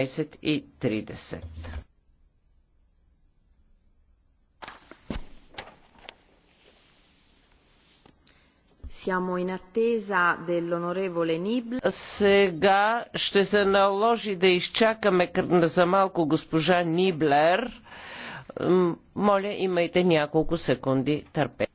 10 и 30. Siamo in attesa dell'onorevole Nibler. Сега ще се наложи да изчакаме за малко госпожа Ниблер. Моля, имайте няколко секунди търпение.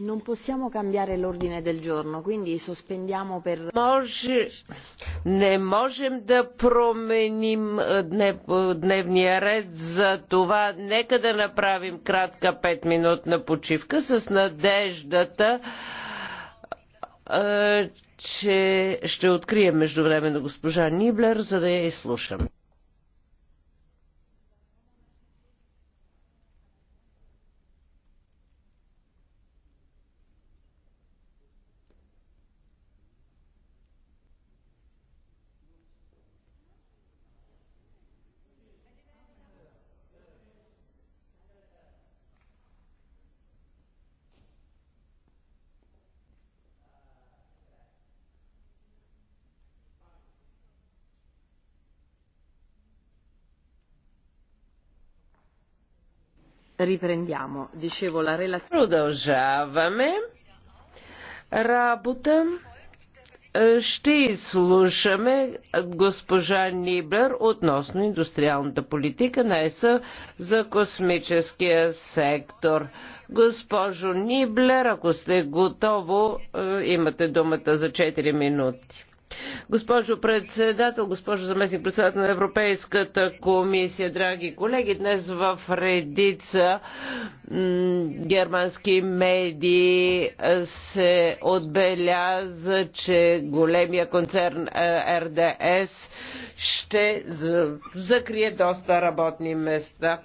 Non possiamo cambiare l'ordine del giorno, quindi sospendiamo per... Може... Не можем да променим е, е, дневния ред, за това нека да направим кратка 5-минутна почивка с надеждата, е, че ще открием междувременно госпожа Ниблер, за да я изслушаме. Продължаваме работа. Е, ще изслушаме госпожа Нибер относно индустриалната политика на ЕСА за космическия сектор. Госпожо Нибер, ако сте готово, е, имате думата за 4 минути. Госпожо председател, госпожо заместник председател на Европейската комисия, драги колеги, днес в редица германски медии се отбеляза, че големия концерн РДС ще закрие доста работни места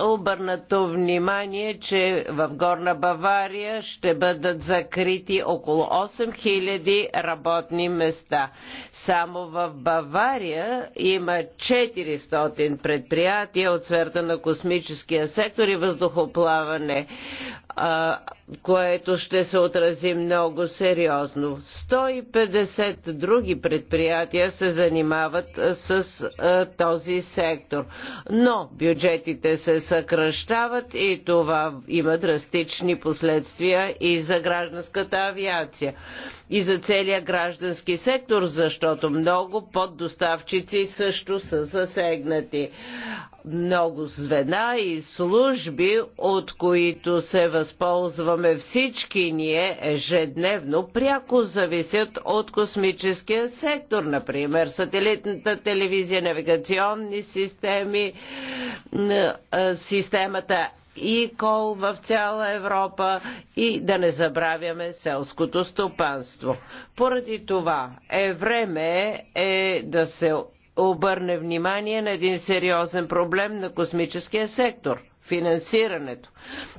обърнато внимание, че в Горна Бавария ще бъдат закрити около 8000 работни места. Само в Бавария има 400 предприятия от сферата на космическия сектор и въздухоплаване, което ще се отрази много сериозно. 150 други предприятия се занимават с този сектор. Но бюджетите разходите се съкръщават и това има драстични последствия и за гражданската авиация и за целия граждански сектор, защото много поддоставчици също са засегнати. Много звена и служби, от които се възползваме всички ние ежедневно, пряко зависят от космическия сектор, например сателитната телевизия, навигационни системи, системата и кол в цяла Европа и да не забравяме селското стопанство. Поради това е време е да се обърне внимание на един сериозен проблем на космическия сектор – финансирането.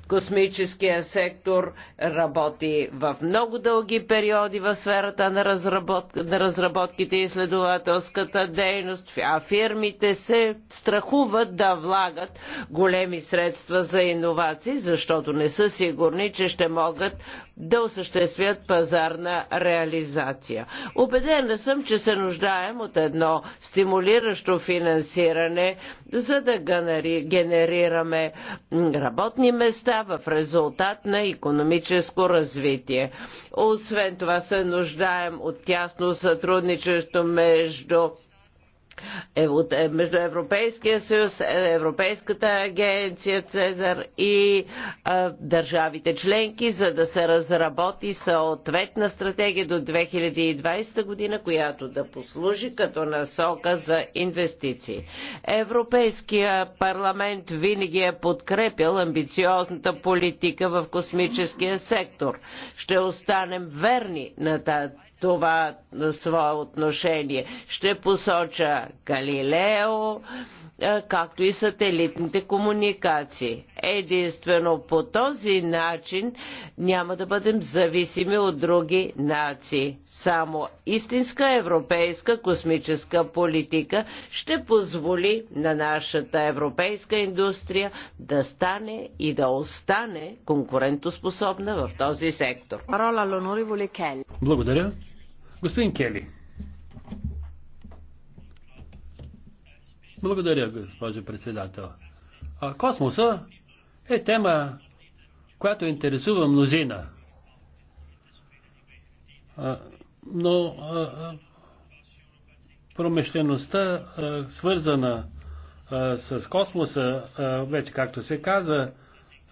Космическия сектор работи в много дълги периоди в сферата на, разработ... на разработките и изследователската дейност, а фирмите се страхуват да влагат големи средства за иновации, защото не са сигурни, че ще могат да осъществят пазарна реализация. Обедена съм, че се нуждаем от едно стимулиращо финансиране, за да генерираме работни места в резултат на економическо развитие. Освен това се нуждаем от тясно сътрудничество между е, е, между Европейския съюз, е, Европейската агенция Цезар и държавите членки, за да се разработи съответна стратегия до 2020 година, която да послужи като насока за инвестиции. Европейския парламент винаги е подкрепил амбициозната политика в космическия сектор. Ще останем верни на тази това свое отношение. Ще посоча Галилео, е, както и сателитните комуникации. Единствено по този начин няма да бъдем зависими от други нации. Само истинска европейска космическа политика ще позволи на нашата европейска индустрия да стане и да остане конкурентоспособна в този сектор. Благодаря. Господин Кели. Благодаря, госпожо председател. А космоса е тема, която интересува мнозина. А, но а, промишлеността, а, свързана а, с космоса, а, вече както се каза,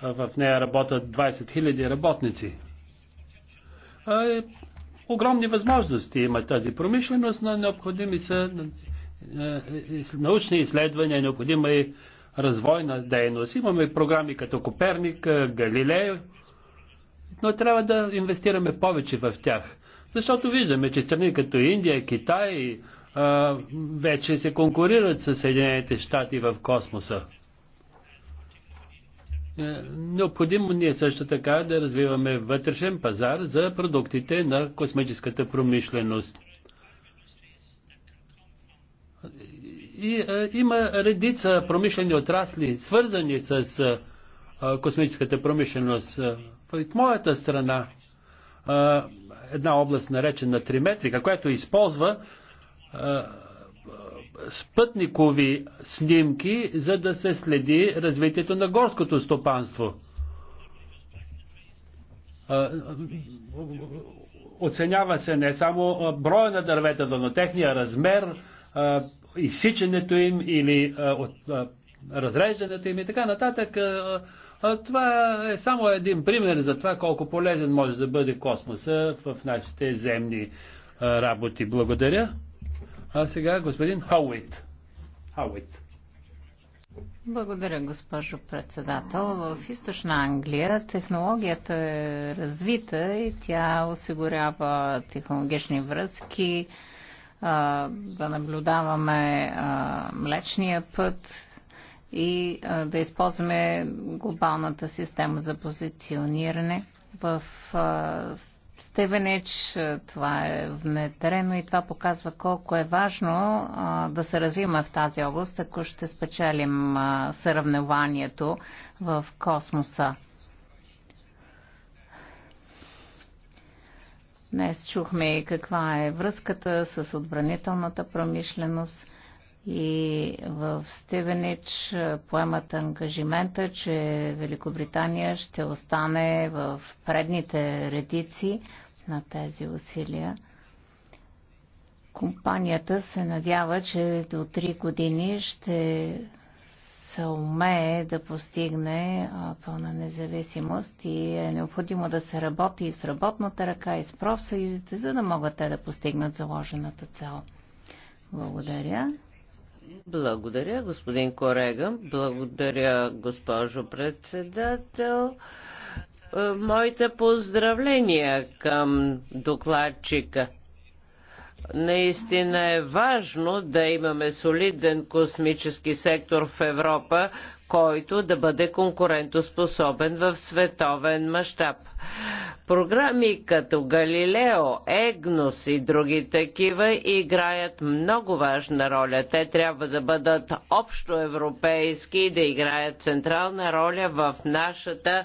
а, в нея работят 20 000 работници. А, е, огромни възможности има тази промишленост, но необходими са е, е, научни изследвания, е необходима и развойна дейност. Имаме програми като Коперник, Галилей, но трябва да инвестираме повече в тях. Защото виждаме, че страни като Индия, Китай а, вече се конкурират с Съединените щати в космоса. Необходимо ни е също така да развиваме вътрешен пазар за продуктите на космическата промишленост. И, а, е, има редица промишлени отрасли, свързани с а, е, е, космическата промишленост. В моята страна, а, една област наречена триметрика, която използва а, спътникови снимки, за да се следи развитието на горското стопанство. Оценява се не само броя на дърветата, но техния размер, изсичането им или а, от, а, разреждането им и така нататък. А, а, това е само един пример за това колко полезен може да бъде космоса в нашите земни а, работи. Благодаря. А сега господин Хауит. Хауит. Благодаря, госпожо председател. В източна Англия технологията е развита и тя осигурява технологични връзки, да наблюдаваме млечния път и да използваме глобалната система за позициониране в Стевенич. Това е внедрено и това показва колко е важно да се развиваме в тази област, ако ще спечелим съравнованието в космоса. Днес чухме каква е връзката с отбранителната промишленост и в Стивенич поемат ангажимента, че Великобритания ще остане в предните редици на тези усилия. Компанията се надява, че до 3 години ще умее да постигне пълна независимост и е необходимо да се работи и с работната ръка, и с профсъюзите, за да могат те да постигнат заложената цел. Благодаря. Благодаря, господин Корега. Благодаря, госпожо председател. Е, моите поздравления към докладчика. Наистина е важно да имаме солиден космически сектор в Европа, който да бъде конкурентоспособен в световен мащаб. Програми като Галилео, Егнос и други такива играят много важна роля. Те трябва да бъдат общоевропейски и да играят централна роля в нашата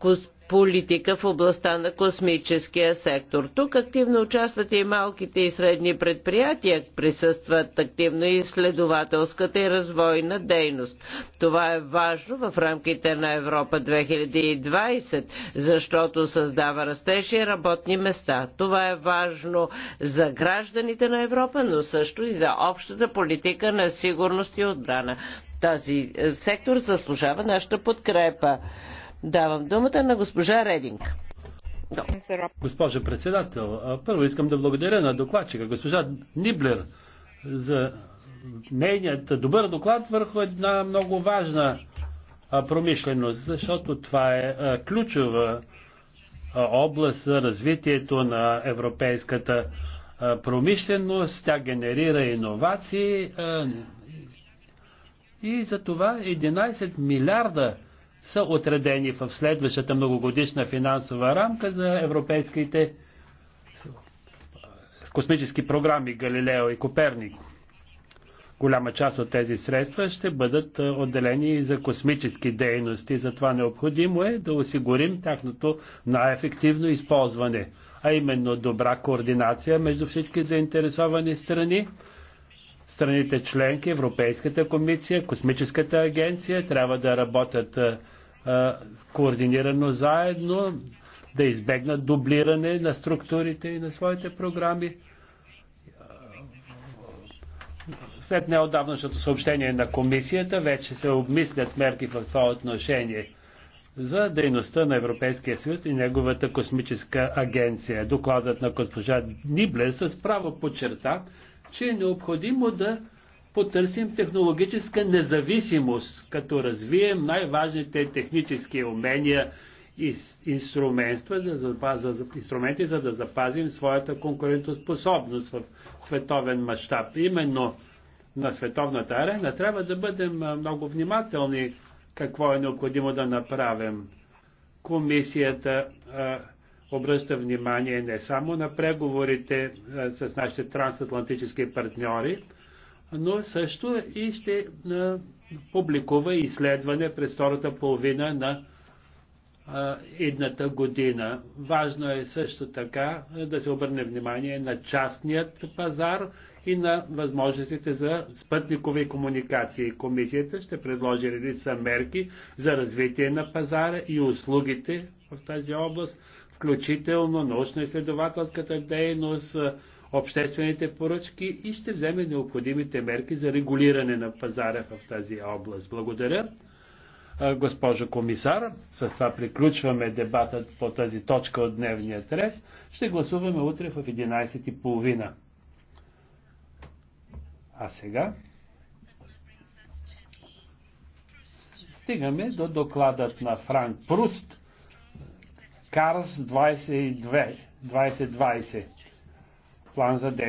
космическа политика в областта на космическия сектор. Тук активно участват и малките и средни предприятия, присъстват активно и изследователската и развойна дейност. Това е важно в рамките на Европа 2020, защото създава растеж и работни места. Това е важно за гражданите на Европа, но също и за общата политика на сигурност и отбрана. Тази е, сектор заслужава нашата подкрепа. Давам думата на госпожа Рединг. Госпожо председател, първо искам да благодаря на докладчика, госпожа Ниблер, за нейният добър доклад върху една много важна промишленост, защото това е ключова област за развитието на европейската промишленост. Тя генерира иновации и за това 11 милиарда са отредени в следващата многогодишна финансова рамка за европейските космически програми Галилео и Коперник. Голяма част от тези средства ще бъдат е, отделени и за космически дейности, затова необходимо е да осигурим тяхното най-ефективно използване, а именно добра координация между всички заинтересовани страни, страните членки, Европейската комисия, Космическата агенция трябва да работят координирано заедно, да избегнат дублиране на структурите и на своите програми. След неодавнашното съобщение на комисията вече се обмислят мерки в това отношение за дейността на Европейския съюз и неговата космическа агенция. Докладът на госпожа Нибле с право подчерта, че е необходимо да потърсим технологическа независимост, като развием най-важните технически умения и инструментства, за, за, за, инструменти, за да запазим своята конкурентоспособност в световен мащаб. Именно на световната арена трябва да бъдем много внимателни какво е необходимо да направим. Комисията обръща внимание не само на преговорите е, с нашите трансатлантически партньори, но също и ще е, публикува изследване през втората половина на е, едната година. Важно е също така да се обърне внимание на частният пазар и на възможностите за спътникови комуникации. Комисията ще предложи редица мерки за развитие на пазара и услугите в тази област, включително научно-изследователската дейност, обществените поръчки и ще вземе необходимите мерки за регулиране на пазара в тази област. Благодаря, госпожо комисар. С това приключваме дебатът по тази точка от дневния ред. Ще гласуваме утре в 11.30. А сега стигаме до докладът на Франк Пруст КАРС 22, 2020, план за действие.